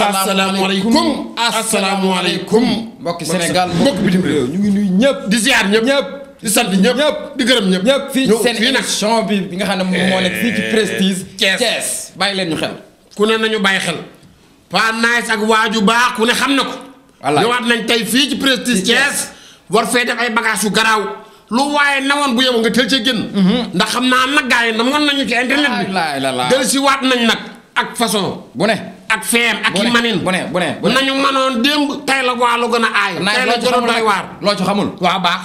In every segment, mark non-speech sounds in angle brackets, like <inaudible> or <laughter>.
asalaamaaleykum asalaamaaleykum mbokki Sénégal mbokk bitim réew ñu ngi nuyu ñëpp di ziar ñëpp ñëpp di sant ñëpp ñëpp di gërëm ñëpp ñëpp fii seen émission bi bi nga xam ne moom moo nekk fii ci eh, prestige bàyyi leen ñu xel ku ne nañu bàyyi xel Pa Nice ak waaju baax ku ne xam na ko ñëwaat nañ tey fii ci prestige Thiès war fee def ay bagage yu garaaw lu waaye nawoon bu yow nga tël ci génn mm-hmm. ndax xam naa nag gars yi namoon nañu ci internet bi del si waat nañ nag ak façon bu ne ak feem ak i manin bu ne bu ne bu ne nañu manoon démb tey la waa lu a aay tey la gën a doy waar loo ci xamul waaw baax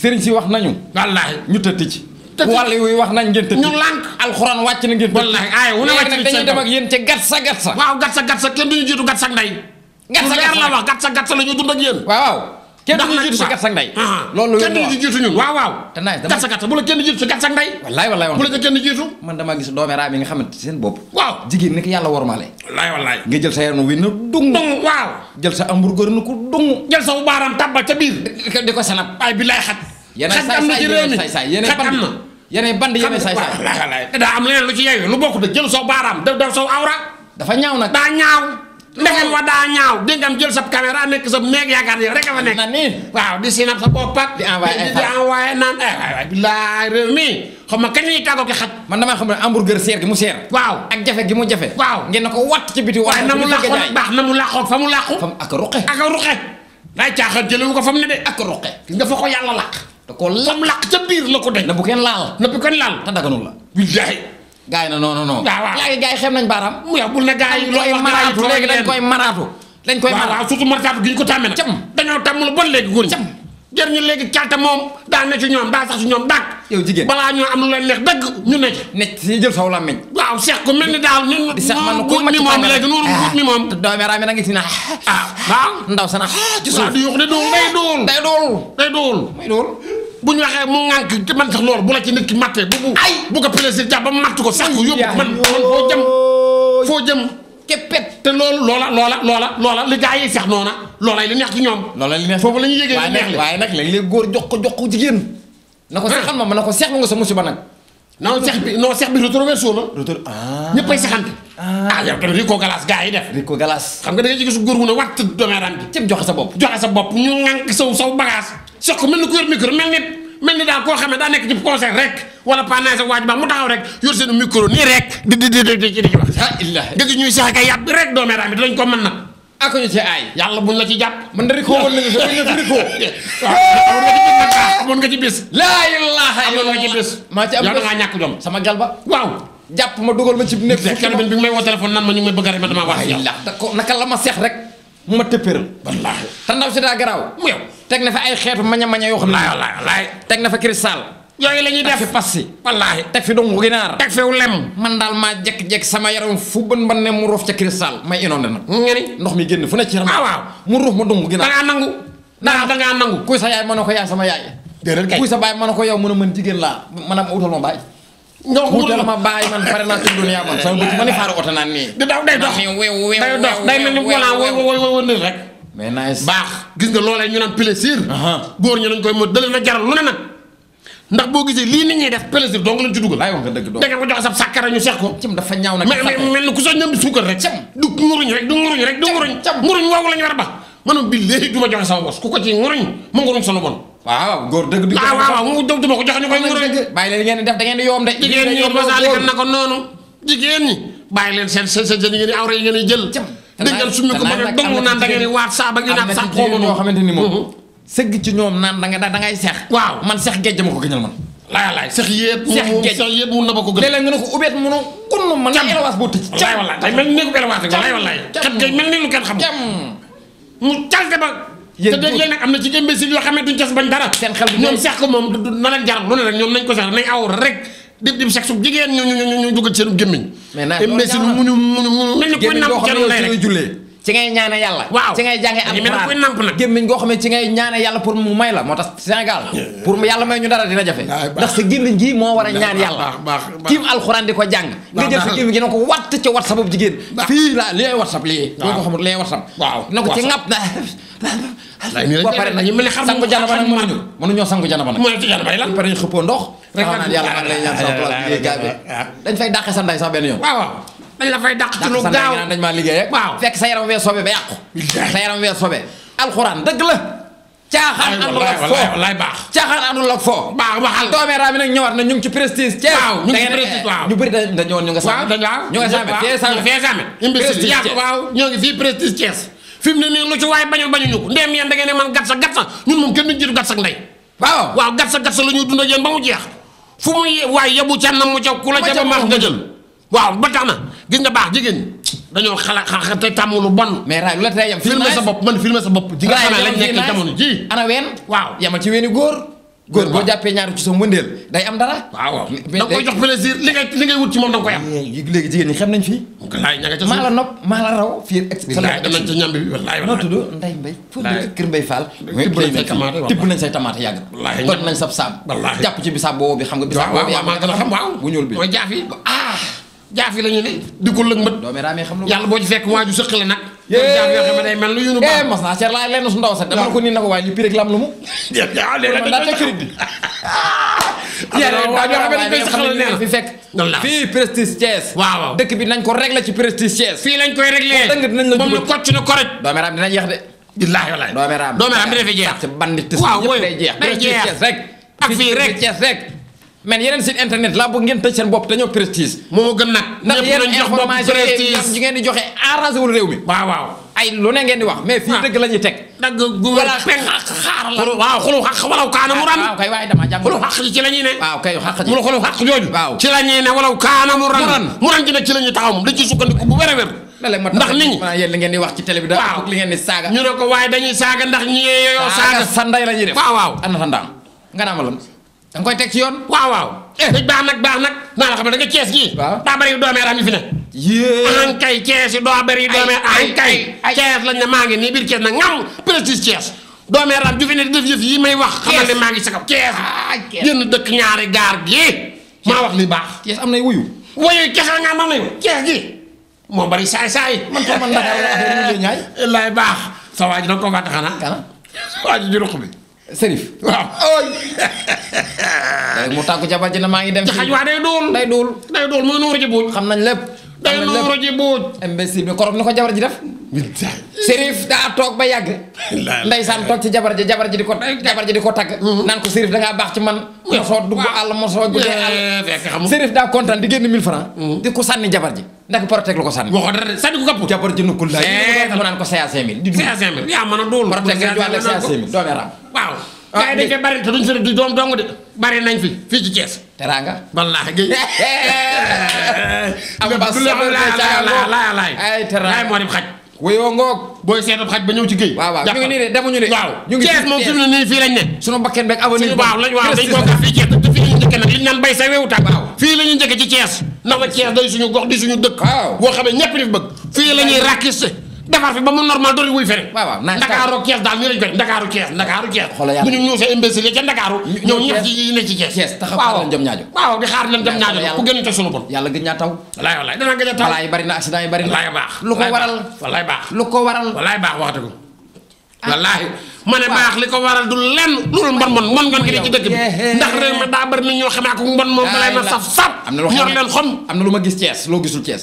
sëriñ si wax nañu wallaahi ñu tëtti ci wàll wi wax nañ ngeen tëdd ñu na ngeen wallaahi aaya wu ne wàcc na dañuy dem ak yéen ca gatsa gatsa waaw gatsa gatsa kenn duñu jiitu gatsa ndey gatsa la wax gatsa la ñu dund ak yéen kenn du ñu jiitu sa gat sa ndey ah, loolu kenn du ñu jiitu ñun waaw waaw te naaj gat sa gat bu la kenn jiitu sa gat sa ndey wallaay wallaay nga jël sa yaram wi na dung dung waaw jël sa hamburger na ko dung jël sa baaram tàbbal ca biir di ko sanab ay bi lay xat yeneen saay saay yeneen band yeneen band yeneen saay saay daa am leneen lu ci yeeyu lu bokk da jël sa baaraam def def sa awra dafa ñaaw nag daa ñaaw ndegam wa daa ñaaw déggam jël sab caméra nekk sa meeg yaakaar yow rek a fa nekk. waaw di sinap sa bopp ak. di envoyé ay di naan ay eh, waay bilaay xam ma kañ ñuy tàggoo ki xaj. man xam ne hamburger seer gi mu seer. waaw jafe gi mu jafe. waaw ngeen na ko watt ci biti. waaye na mu làqoo nag mu làqoo fa mu làqu. fa mu ak ruqe. ak ruqe. daay caaxaan jëlee ko fa mu ne de ak ruqe. gis nga fa ko yàlla làq. da koo làq ca biir la ko de. na bu kenn laal na bu kenn laal. te la. billahi gaay na non non non. waaw léegi gaay xem nañ baaraam. mu yow bul ne gaay yi looy maraatu léegi dañ koy maraatu. dañ koy maraatu waaw surtout maraatu gi ñu ko tàmmee nag. cam dañoo tàmmul bon léegi góor ñi. cam jër ñu léegi calta moom daa ne ci ñoom daa sax ci ñoom dàq. yow jigéen balaa ñoo am lu leen neex dëgg ñu ne ci. ne ci jël saw làmmiñ. waaw seex ko mel ni daal ñun. di seex man ku ma ci tàmmee rek moom guut mi moom léegi noonu guut mi moom. Ah, doomi raam yi na ngi ci na. ah waaw ndaw sa na. Ah, ci suuf waaw di yuux di duul day duul. day duul day duul. buñ waxé mo ngank ci man sax loolu bu la ci nit ki maté bu bu. bu ko plaisir jàpp ba matt ko sax ko yob man man fo jëm fo jëm. képpet té loolu lola lola lola lola li gaay yi sax nona loolay li neex ci ñom loolay li neex fofu lañu ñuy li neex waye nak lañ lay léeg jox ko jox ko jigen nako sax ah. xam ma nako sax nga sa musiba nag. non sax bi non sax bi retroversé la. retour ah ñëppay saxant ah. ah yow kan Rico Galas gaay def. Rico Galas. xam nga da ngay gis góor gu ne watt doomeeram bi. ceeb joxe sa bop jox sa bop ñu ngank sa sa bagage. sox ko mel ni ku yor micro mel ni mel ni daal koo xamee daa nekk ci concert rek wala panaay sa waaj baax mu taxaw rek yor seen micro nii rek di di di di ci wax. ah Illaah ñuy saaga ak ñu ci aay. yàlla buñ la ci jàpp. man de rikoo woon nañu fa buñ la fi rikoo. <laughs> ci bis. laa ilaaha maa ci am ñàkk jom sama gal ba waaw. jàpp ma dugal ma ci nekk si kenn bi may woo téléphone nan ma ñu ngi may bëgg a ma damaa wax yàlla naka la ma seex rek mu ma tëppéeral wallaahi te ndaw si daa garaaw mu yow tek na fa ay xéetu maña maña yo xamna la la tek na fa cristal yoy la def teg fi passi wallaahi teg fi dongu ginar tek fi wu lem man dal ma jek jek sama yaram fu bën ban ne mu roof ci cristal may inondé nag nga ndox mi genn fu ne ci ram waaw mu mu dongu ginar da nga nangu da nga da nga nangu kuy sa yaay manako yaay sama yaay deural kay kuy sa baay ma ne ko yow mën a mën jigéen laa mën a utal ma baay nga wutal ma baay man pare naa ci dunia man sama bëgg ma ni faaru oto naan nii di daw day dox day dox day mel ni volant wëndal rek mais nice baax gis nga loolee ñu naan plaisir. Uh-huh. góor ñu dañ koy mën jaral lu ne nag. ndax boo gisee lii ni ñi def plaisir dong lañ ci dugal. laay wax nguruñ rek du nguruñ rek nguruñ. cam a ba. man bi léegi du ma joxe sama bos ku ko ci nguruñ mu leen ngeen di def da ngeen yi ngeen jël déggal suñu ko bëgg dongu naan da ngeen waat saa ba ngi naan sax xooma ñoo xamante ni moom mm-hmm. sëgg ci ñoom naan da seex waaw man seex géej ma ko gënal man laay laay seex yëpp seex géej seex ko gën léeg-léeg nga ne ko ubbeet mënu kunnu man élewaas boo tëj ca wallaay day mel ni ko élewaas laay wallaay kat gay mel ni lu kenn xam mu calte ba te dégg leen am na ci imbécile yoo xam ne duñ cas bañ dara seen ko moom rek ñoom nañ ko seex nañ aw rek dib dib sexe jigéen ñu ñu ñu ñu dugal seen gémmiñ. mais naa loolu mel ni ko nam jaru lay rek ci ngay ñaané yalla ci ngay jàngee alxuraan gémmiñ goo go xamé ci ngay ñaané yalla pour mu may la motax Sénégal pour yalla may ñu dara dina jafé ndax sa gémmiñ gi moo war ñaan yàlla tiim alxuraan di ko jàng nga jël sa gémmiñ gi na ko watt ci whatsapp bu jigéen la li whatsapp lii boo ko xamul li whatsapp na ko ci ŋàpp na ba pare nag sangu janaba nag mënuñu mënuñoo sangu janaba nag pare ñu xëppoo ndox rek naan yàlla maa ngi lay ñaan sa place ah. dañ fay dàqe sa ndey sax benn yoon dañ la eh. fay dàq ci lu gaaw dañ ma liggéey rek waaw fekk sa yaram wee sobe ba yàqu sa yaram wee sobe alxuraan dëgg la caaxaan àndul ak foo wallaay baax caaxaan àndul ak foo baax waxal doomee raa bi nag ñëwaat na ñu ngi ci prestige Thiès waaw ñu ngi ci gatsa gatsa ñun moom kenn duñ gatsa ak ndey waaw gatsa gatsa la ñuy dund ak yéen ba mu jeex fu mu waaye yebu gis nga baax jigéen ñi dañoo xalaat xalaat te tàmm lu bon. mais raay lu da nga koy jox plaisir li ngay da nga koy am. léegi jigéen ñi xam nañ fii. walaay tamaate yàgg. walaay nañ sab saab. jàpp ci bisaab boobu bi xam nga. bisaab boobu yàgg bu ñuul bi waaw waaw maa ngi la jaafi la ñu ne di ko lëngmat doomi raame xam lu yàlla boo ci fekk waaju sëq la nag jaaf yoo xam ne day mel lu yunu baax eh, mas naa seer laa lenn su ndaw sax dama ko nii na ko waaye li pirek lam lu mu daa teg crédit fii Prestige Thiès waaw dëkk bi nañ ko régler ci Prestige Thiès fii lañ koy régler moom na kocc na koroj doomi raam dinañ yeex de billaahi wallaahi doomi raam doomi raam bi dafay jeex bandit waaw day jeex day jeex rek ak fii rek Thiès rek man yeneen si internet laa bëgg ngeen tëj seen bopp dañoo prestige. moo gën nag ndax ngeen di joxe arrangé wul réew wax. mais fii ah. dëgg la ñuy teg. dagg gu wala pexe xaaral la. waaw xulu xaq walaw kaana ah, la ñuy ne. waaw kay xaq ji mu xulu xaq jooju. la ñuy ne moom dañ ciy sukkandiku bu wér a ñi li ngeen di wax ci télé bi daal li ngeen di saaga. ñu ne ko waaye dañuy saaga ndax yeeyoo saaga. sa ndey la ñuy def waaw waaw ana sa ndaam nga naa ma lan da koy teg ci yoon. waaw waaw. eh baax nag baax nag naa la xam ne da nga cees gii. waaw daa bëri doomee raam yi fi ne. yéen ankay cees yi doomee. ay ankay cees lañ ne maa ngi nii biir cees nag ngam prestige cees. doomee raam ju def yëf yi may wax. xamal ne maa ngi sa kaw cees. génn dëkk ñaari gaar gi maa wax ni baax. cees am nay wuyu. wuyu cees la nga am nay wuyu cees gii. moo bari saay saay. man foofu man la lay baax. sa waa ji da nga ko fàtte xanaa. bi. Serif waaw. mu tàkku ca bàcc na ma ngi dem. ci xaju day dul day dul day dul mo nuuru ci buuj. xam nañ lepp day nuuru ci buuj. imbécile bi korom nako jabar ji def. Serif da tok ba yag yàgg. san tok ci jabar ji jabar ji diko jabar ji diko tag mm-hmm. nan ko Serif da nga bax ci man. mosoo dugg àll mosoo guddee ya àll. fekk xamul Serif da kontaan di genn 1000 francs mm-hmm. diko sanni jabar ji. nak protect lako sanni waxo dara sanni ko kapp. jabar ji nukkul la mu naan ko CA 5000. di dugg CA 5000 yaa mën a duul. Protek nga jox la CA 5000 doomee raam waaw. ah gars yi bari te duñ fi du doom de bari nañ fi fii ci Thiès. teraanga. wallaahi Guèye. <laughs> am na solo laay ay teraanga laay moo dem xaj. wéyoo ngoog. booy seetu xaj ñëw ci géej. waaw waaw ñu ngi nii de ñu ngi fii lañ ne. su bakken beeg avenir bi waaw lañ waaw dañ koo gas fii Thiès te njëkk bay sa wewu tàgg. fii la ñu njëkk ci Thiès. ndax nag day suñu gox di suñu dëkk. waaw boo xamee ñëpp li bëgg. fii la ñuy rakkiste defar fi ba mu normal doori wuy feneen waaw waaw Ndakaaru Thiès daal ñu lañ koy Ndakaaru Thiès Ndakaaru Thiès bu ñu ñëw sa ca Ndakaaru ñëw ñëpp ci Thiès bu gën yàlla gëj naa taw walaay walaay a taw walaay bari na accident yi bari na walaay baax lu ko waral walaay baax baax waxtu ko ah. wallaahi ma ne baax li ko waral du lenn loolu mbon mbon mbon ngan gi ci dëkk bi ndax réew mi daa bari na ñoo xamee mbon moom balay na saf saf ñor leen xom am na lu ma gis Thiès loo gisul Thiès